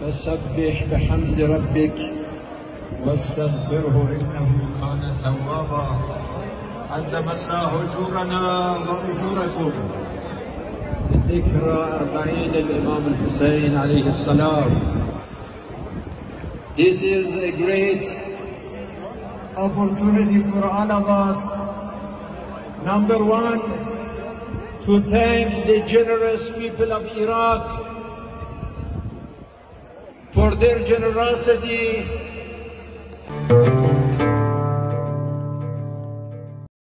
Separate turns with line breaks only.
فسبح بحمد ربك
واستغفره انه كان توابا علم الله اجورنا واجوركم
ذكرى أربعين الإمام الحسين عليه السلام. This is a
great opportunity for all of us.
Number one, to thank the generous people of Iraq for their generosity.